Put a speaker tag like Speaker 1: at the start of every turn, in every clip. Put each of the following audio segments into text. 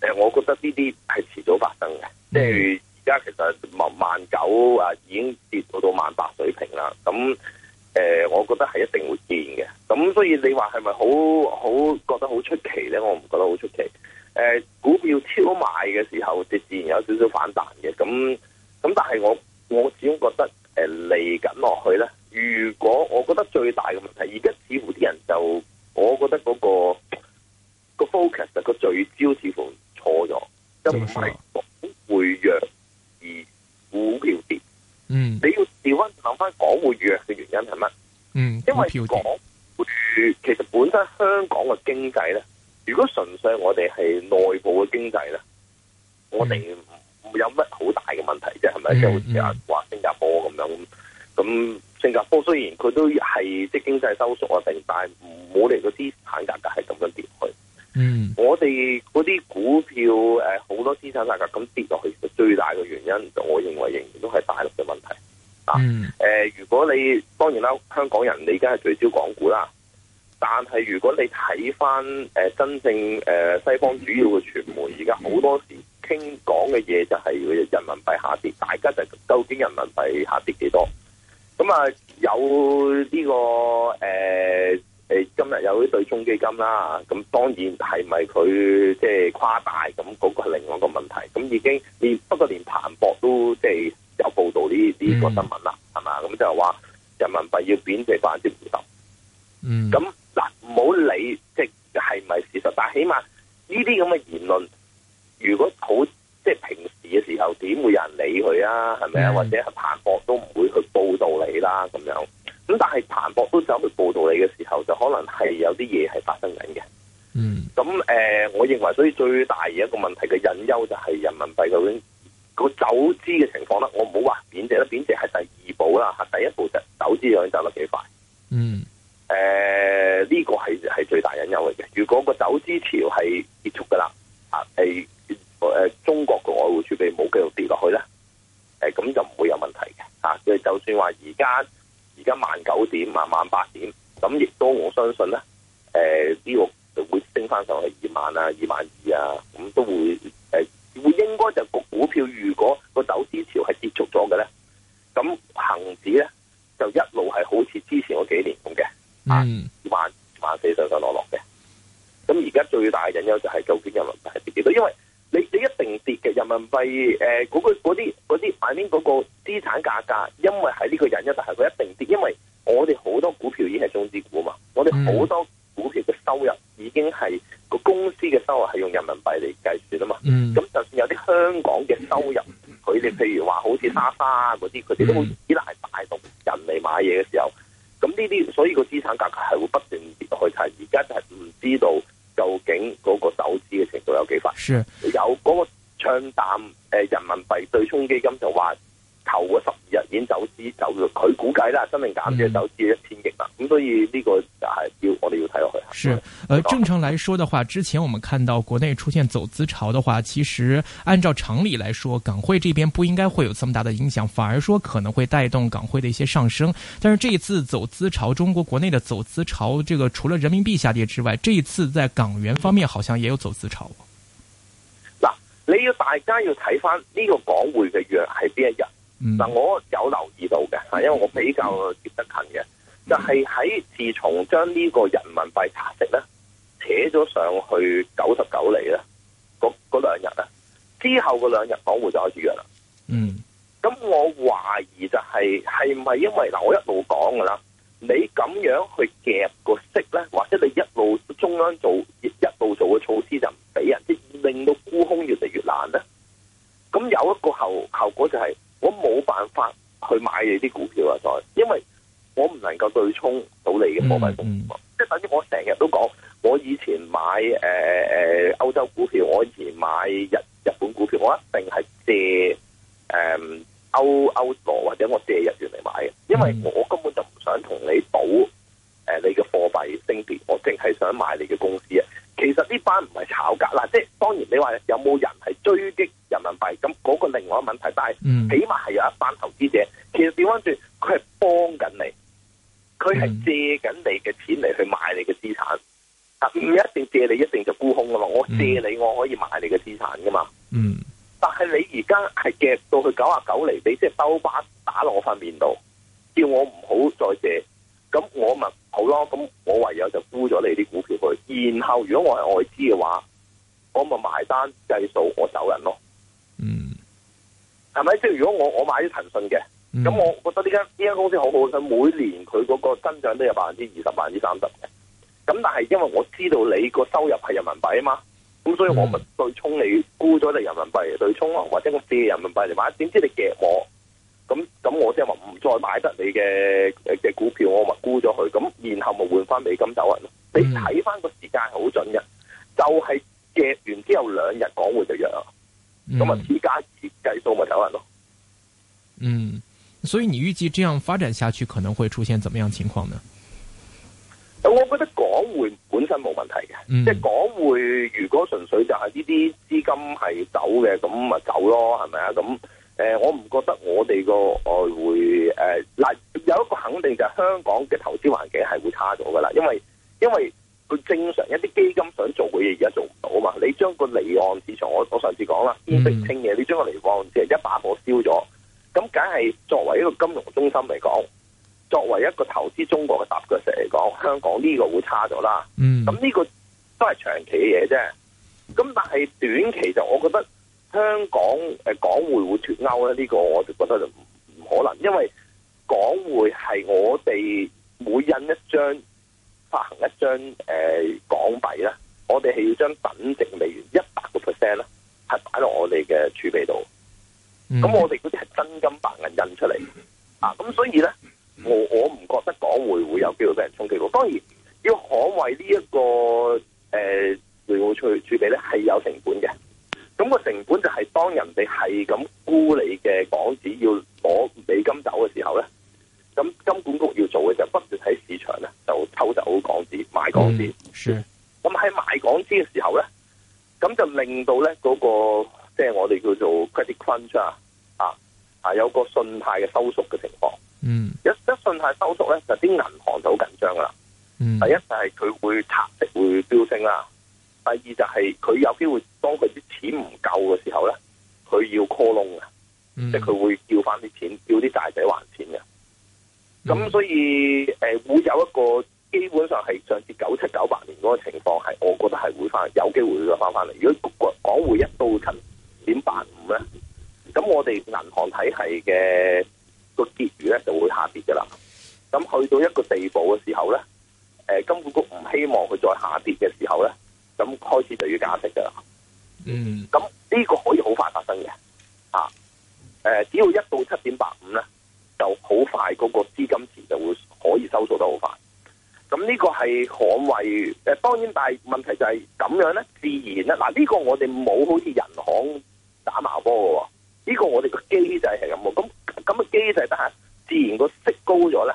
Speaker 1: 誒，我覺得呢啲係遲早發生嘅，
Speaker 2: 即係而
Speaker 1: 家其實萬九啊已經跌到到萬八水平啦。咁誒、呃，我覺得係一定會見嘅。咁所以你話係咪好好覺得好出奇咧？我唔覺得好出奇。誒、呃，股票超賣嘅時候，自然有少少反彈嘅。咁咁，但係我我始終覺得誒嚟緊落去咧，如果我覺得最大嘅問題，而家似乎啲人就，我覺得嗰、那個個 focus 個聚焦似乎都係港匯弱而股票跌，嗯，你要調翻諗翻港匯弱嘅原因係乜？嗯，因為港匯其實本身香港嘅經濟咧，如果純粹我哋係內部嘅經濟咧、嗯，我哋唔會有乜好大嘅問題啫，係咪？即好似話新加坡咁樣咁，新加坡雖然佢都係即係經濟收縮啊，定但係冇你嗰啲資產價格係咁樣跌。嗯， 我哋嗰啲股票，誒、呃，好多資產價格咁跌落去的最大嘅原因，就我認為仍然都係大陸嘅問題。
Speaker 2: 啊，
Speaker 1: 誒、 呃，如果你當然啦，香港人你而家係聚焦港股啦，但係如果你睇翻誒真正誒、呃、西方主要嘅傳媒，而家好多時傾講嘅嘢就係人民幣下跌，大家就究竟人民幣下跌幾多？咁啊、呃，有呢、這個誒。呃誒今日有啲對沖基金啦，咁當然係咪佢即係誇大？咁嗰個係另外一個問題。咁已經，你不過連彭博都即係有報導呢呢個新聞啦，係嘛？咁就係話人民幣要貶值百分之五十。嗯，咁嗱，唔好理即係係咪事實？但係起碼呢啲咁嘅言論，如果好即係平時嘅時候，點會有人理佢啊？係咪啊？或者係彭博都唔會去報導你啦？咁樣。咁但係彭博都走去報道你嘅時候，就可能係有啲嘢係發生緊嘅。嗯，咁誒、呃，我認為所以最大嘅一個問題嘅隱憂就係人民幣究竟，那個走資嘅情況啦。我唔好話貶值啦，貶值係第二步啦吓，第一步就走資量走得幾快。嗯，誒、呃，呢、這個係係最大隱憂嚟嘅。如果個走資潮係結束噶啦，啊，誒、呃，中國嘅外匯儲備冇繼續跌落去咧，誒、啊，咁就唔會有問題嘅。即、啊、係就算話而家。一萬九點，萬萬八點，咁亦都我相信咧，誒、呃、呢、這個就會升翻上去二萬啊，二萬二啊，咁都會誒、欸，會應該就個股票如果個走資潮係結束咗嘅咧，咁恒指咧就一路係好似之前嗰幾年咁嘅，萬萬四上上落落嘅，咁而家最大嘅隱憂就係究竟一輪係跌幾多，因為。你你一定跌嘅，人民幣誒，呃那個啲嗰啲反面嗰個資產價格，因為係呢個人，一定係佢一定跌，因為我哋好多股票已經係中資股啊嘛，我哋好多股票嘅收入已經係個公司嘅收入係用人民幣嚟計算啊嘛，咁、嗯、就算有啲香港嘅收入，佢哋譬如話好似莎莎啊嗰啲，佢哋都會依賴大陸人嚟買嘢嘅時候，咁呢啲所以個資產價格係會不斷跌落去睇，而家就係唔知道。究竟 𠮶 個走資嘅程度有幾快？是有 𠮶 個唱淡誒人民幣對沖基金就話。頭嗰十二日已經走資走咗，佢估計啦，真定減嘅走資一千億啦。咁所以呢個就係要我哋要
Speaker 3: 睇落去。是，呃，正常來說的話，之前我們看到國內出現走資潮的話，其實按照常理來說，港匯這邊不應該會有這麼大的影響，反而說可能會帶動港匯的一些上升。但是這一次走資潮，中國國內的走資潮，這個除了人民幣下跌之外，這一次在港元方面好像也有走資潮。
Speaker 1: 嗱，你要大家要睇翻呢個港匯嘅月係邊一日？嗱、嗯，我有留意到嘅，吓，因為我比較接得近嘅，就係、是、喺自從將呢個人民幣拆息咧扯咗上去九十九厘咧，嗰嗰兩日咧，之後嗰兩日港股就開始弱啦。嗯，咁我懷疑就係係唔係因為嗱，我一路講噶啦，你咁樣去夾個息咧，或者你一路中央做，一路做嘅措施就唔俾人，即、就是、令到沽空越嚟越難咧。咁有一個後後果就係、是。我冇辦法去買你啲股票啊，再因為我唔能夠對沖到你嘅貨幣風險，即係等於我成日都講，我以前買誒誒歐洲股票，我以前買日日本股票，我一定係借誒歐歐羅或者我借日元嚟買嘅，因為我根本就唔想同你賭誒、呃、你嘅貨幣升跌，我淨係想買你嘅公司啊。其實呢班唔係炒價，嗱，即係當然你話有冇人係追擊人民幣，咁嗰個另外一個問題。但係起碼係有一班投資者，其實點樣算？佢係幫緊你，佢係借緊你嘅錢嚟去買你嘅資產，吓，唔一定借你一定就沽空噶嘛，我借你我可以買你嘅資產噶嘛。嗯，但係你而家係夾到去九啊九厘，你即係兜巴打落我塊面度，叫我唔好再借。咁我咪好咯，咁我唯有就沽咗你啲股票去，然後如果我係外資嘅話，我咪埋單計數我走人咯。嗯，係咪？即係如果我我買啲騰訊嘅，咁我覺得呢間呢間公司好好，佢每年佢嗰個增長都有百分之二十、百分之三十嘅。咁但係因為我知道你個收入係人民幣啊嘛，咁所以我咪對沖你沽咗你人民幣對沖咯，或者我借人民幣嚟買，點知你夾我？咁、嗯、咁，我即係話唔再買得你嘅嘅股票，我咪沽咗佢。咁然後咪換翻美金走人咯。你睇翻個時間好準嘅，就係、是、掟完之後兩日港匯就弱，咁啊市家跌計數咪走人咯。嗯，
Speaker 3: 所以你預計這樣發展下去，可能會出現怎麼樣情況呢？
Speaker 1: 我覺得港匯本身冇問題嘅、嗯，即係港匯如果純粹就係呢啲資金係走嘅，咁咪走咯，係咪啊？咁、嗯。誒、呃，我唔覺得我哋個外匯誒，嗱、呃呃、有一個肯定就係香港嘅投資環境係會差咗噶啦，因為因為佢正常一啲基金想做嘅嘢而家做唔到啊嘛，你將個離岸市場，我我上次講啦，煙不清嘅，你將個離岸市場一把火燒咗，咁梗係作為一個金融中心嚟講，作為一個投資中國嘅踏腳石嚟講，香港呢個會差咗啦。咁呢個都係長期嘅嘢啫。咁但係短期就我覺得。香港誒、呃、港匯會脫歐咧？呢、這個我就覺得唔唔可能，因為港匯係我哋每印一張發行一張誒、呃、港幣咧，我哋係要將等值美元一百個 percent 咧，係擺落我哋嘅儲備度。咁、嗯、我哋嗰啲係真金白銀印出嚟，嗯、啊！咁所以咧，我我唔覺得港匯會有機會俾人衝擊過。當然，要捍衛呢、這、一個誒外匯儲備咧，係有成本嘅。咁個成本就係當人哋係咁孤立。夠嘅時候咧，佢要 call loan 嘅，mm -hmm. 即係佢會叫翻啲錢，叫啲債仔還錢嘅。咁所以誒、mm -hmm. 呃、會有一個基本上係上次九七九八年嗰個情況，係我覺得係會翻，有機會會翻翻嚟。如果港匯一到七點八五呢，咁我哋銀行體系嘅、個結餘咧就會下跌噶啦。咁去到一個地步嘅時候咧，誒、呃，金管局唔希望佢再下跌嘅時候咧，咁開始就要加息噶啦。嗯，咁呢個可以好快發生嘅，啊，誒、呃，只要一到七點八五咧，就好快嗰個資金池就會可以收縮得好快。咁呢個係捍衛，誒、呃，當然，但係問題就係咁樣咧，自然咧，嗱、啊，呢、這個我哋冇好似人行打麻波嘅，呢、這個我哋個機制係咁嘅，咁咁嘅機制得吓，但自然個息高咗咧，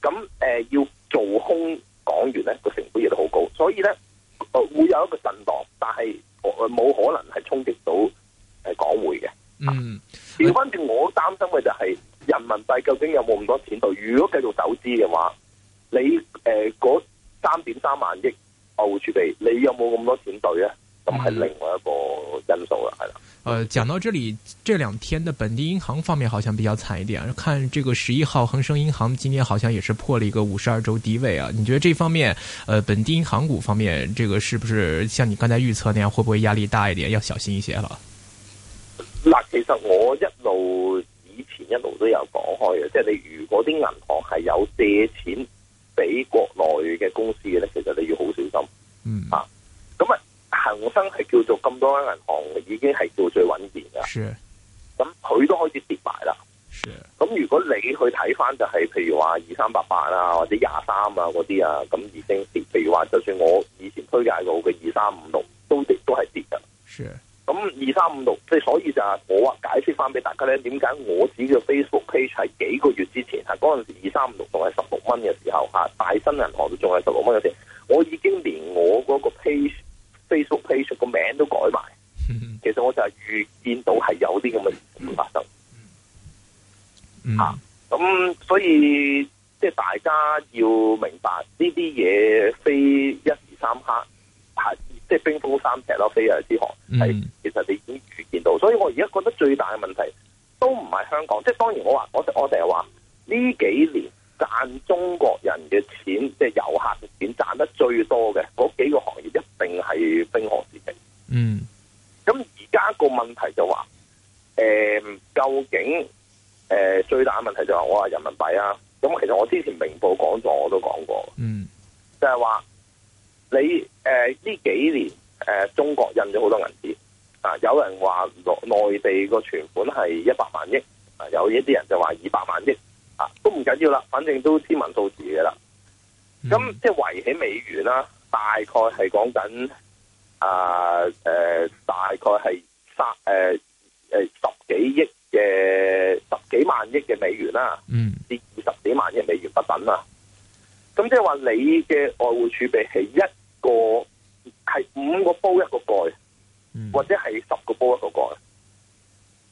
Speaker 1: 咁誒、呃、要做空港元咧個成本亦都好高，所以咧，誒、呃、會有一個震蕩，但係。冇可能係衝擊到誒港匯嘅、啊。嗯，調翻轉，我擔心嘅就係人民幣究竟有冇咁多錢兌？如果繼續走資嘅話，你誒嗰三點三萬億外匯儲備，你有冇咁多錢兌咧？咁、嗯、係另外
Speaker 3: 一個因素啦，係啦。誒、呃，講到這裏，這兩天的本地銀行方面好像比較慘一點、啊。看這個十一號恒生銀行，今天好像也是破了一個五十二周低位啊。你覺得這方面，呃本地銀行股方面，這個是不是像你剛才預測那樣，會不會壓力大一點，要小心一些了？
Speaker 1: 嗱，其實我一路以前一路都有講開嘅，即係你如果啲銀行係有借錢俾國內嘅公司嘅呢，其實你要好小心。嗯啊，咁啊。恒生係叫做咁多間銀行，已經係叫最穩健噶。是，咁佢都開始跌埋啦。是，咁如果你去睇翻，就係譬如話二三八八啊，或者廿三啊嗰啲啊，咁已經跌。譬如話，就算我以前推介過嘅二三五六，都亦都係跌嘅。是，咁二三五六，即係所以就係我啊解釋翻俾大家咧，點解我自己嘅 Facebook page 係幾個月之前吓，嗰陣時二三五六仲係十六蚊嘅時候吓，大新銀行都仲係十六蚊嘅時候，我已經連我嗰個 page。Facebook page 個名都改埋，其實我就係預見到係有啲咁嘅事情會發生。吓、mm -hmm. mm -hmm. 啊，咁所以即係、就是、大家要明白呢啲嘢非一時三刻，係即係冰封三尺咯、啊，非一日之寒係。其實你已經預見到，所以我而家覺得最大嘅問題都唔係香港，即、就、係、是、當然我話，我我哋係話呢幾年賺中國人嘅錢，即係遊客嘅錢賺得最多嘅嗰幾個行業一。兵荒馬定，嗯，咁而家個問題就話，誒，究竟誒最大嘅問題就話我話人民幣啊，咁其實我之前明報講咗，我都講過，嗯、就是，就係話你誒呢、呃、幾年誒中國印咗好多銀紙，啊，有人話內內地個存款係一百萬億，啊，有一啲人就話二百萬億，啊，都唔緊要啦，反正都天文數字嘅啦，咁即係圍起美元啦，大概係講緊。啊，誒，大概係三誒誒十幾億嘅十幾萬億嘅美元啦，嗯、mm.，至二十幾萬億美元不等啦。咁即係話你嘅外匯儲備係一個係五個煲一個蓋，mm. 或者係十個煲一個蓋。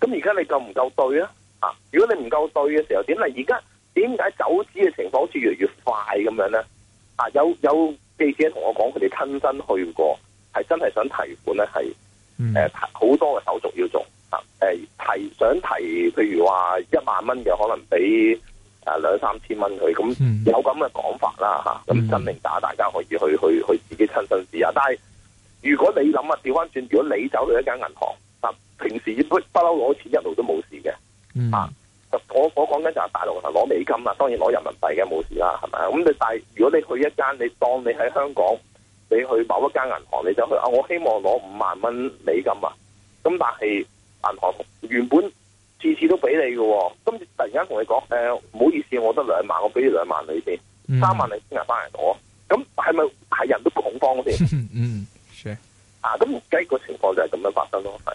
Speaker 1: 咁而家你夠唔夠對啊？啊，如果你唔夠對嘅時候，點嚟？而家點解走資嘅情況好似越嚟越快咁樣咧？啊，有有記者同我講，佢哋親身去過。真係想提款咧，係誒好多嘅手續要做啊！誒、呃、提想提，譬如話一萬蚊嘅，可能畀誒兩三千蚊佢，咁、嗯嗯、有咁嘅講法啦吓。咁、啊嗯、真定假，大家可以去去去，去自己親身試下。但係如果你諗啊，調翻轉，如果你走去一間銀行啊，平時不嬲攞錢一路都冇事嘅啊、嗯。我我講緊就係大陸嗱，攞美金啊，當然攞人民幣嘅冇事啦，係咪？咁你但係如果你去一間，你當你喺香港。你去某一間銀行，你就去啊！我希望攞五萬蚊美金啊！咁但係銀行原本次次都俾你嘅，啊，跟住突然間同你講，誒、欸，唔好意思，我得兩萬，我俾你兩萬你先，三萬你先嚟翻嚟攞。咁係咪係人都恐慌嗰啲？ 嗯，是啊。咁第一個情況就係咁
Speaker 3: 樣發生咯，啊，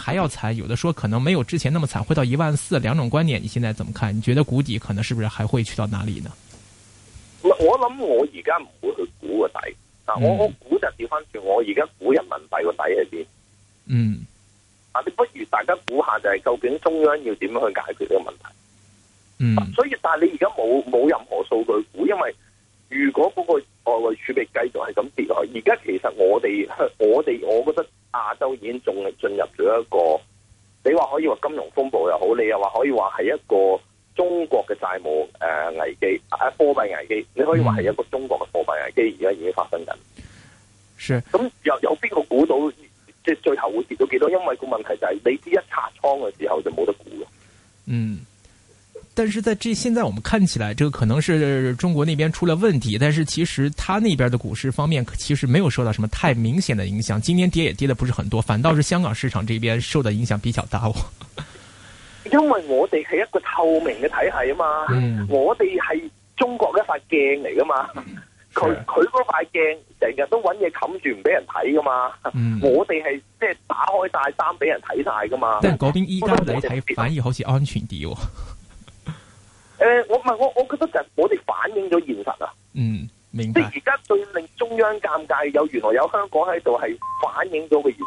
Speaker 3: 還要慘，有的說可能沒有之前那麼慘，會到一萬四，兩種觀點，你現在怎麼看？你覺得谷底可能是不是還會去到哪裡呢？
Speaker 1: 我諗我而家唔會去估個底，嗱，我、嗯、我估就調翻轉，我而家估人民幣個底喺邊。嗯，嗱，你不如大家估下就係究竟中央要點樣去解決呢個問題，嗯，所以但係你而家冇冇任何數據估，因為。如果嗰個外匯儲備繼續係咁跌落去，而家其實我哋香，我哋我覺得亞洲已經仲係進入咗一個，你話可以話金融風暴又好，你又話可以話係一個中國嘅債務誒危機啊、貨幣危機，你可以話係一個中國嘅貨幣危機，而家已經發生緊。
Speaker 2: 是，
Speaker 1: 咁又有邊個估到即係最後會跌到幾多？因為個問題就係你一拆倉嘅時候就冇得估咯。嗯。
Speaker 3: 但是在這現在我們看起來，這個可能是中國那邊出了問題。但是其實他那邊的股市方面，其實沒有受到什麼太明顯的影響。今天跌也跌的不是很多，反倒是香港市場這邊受的影響比較大喎。
Speaker 1: 因為我哋係一個透明嘅體系啊嘛，嗯、我哋係中國嘅一塊鏡嚟噶嘛，佢佢嗰塊鏡成日都揾嘢冚住唔俾人睇噶嘛，嗯、我哋係即係打開大衫俾人睇晒噶嘛。但係嗰邊依家你睇，反
Speaker 3: 而好似安全啲。
Speaker 1: 誒、呃，我唔係，我，我覺得就我哋反映咗現實啊！嗯，明白。即係而家對令中央尷尬，有原來有香港喺度係反映咗個。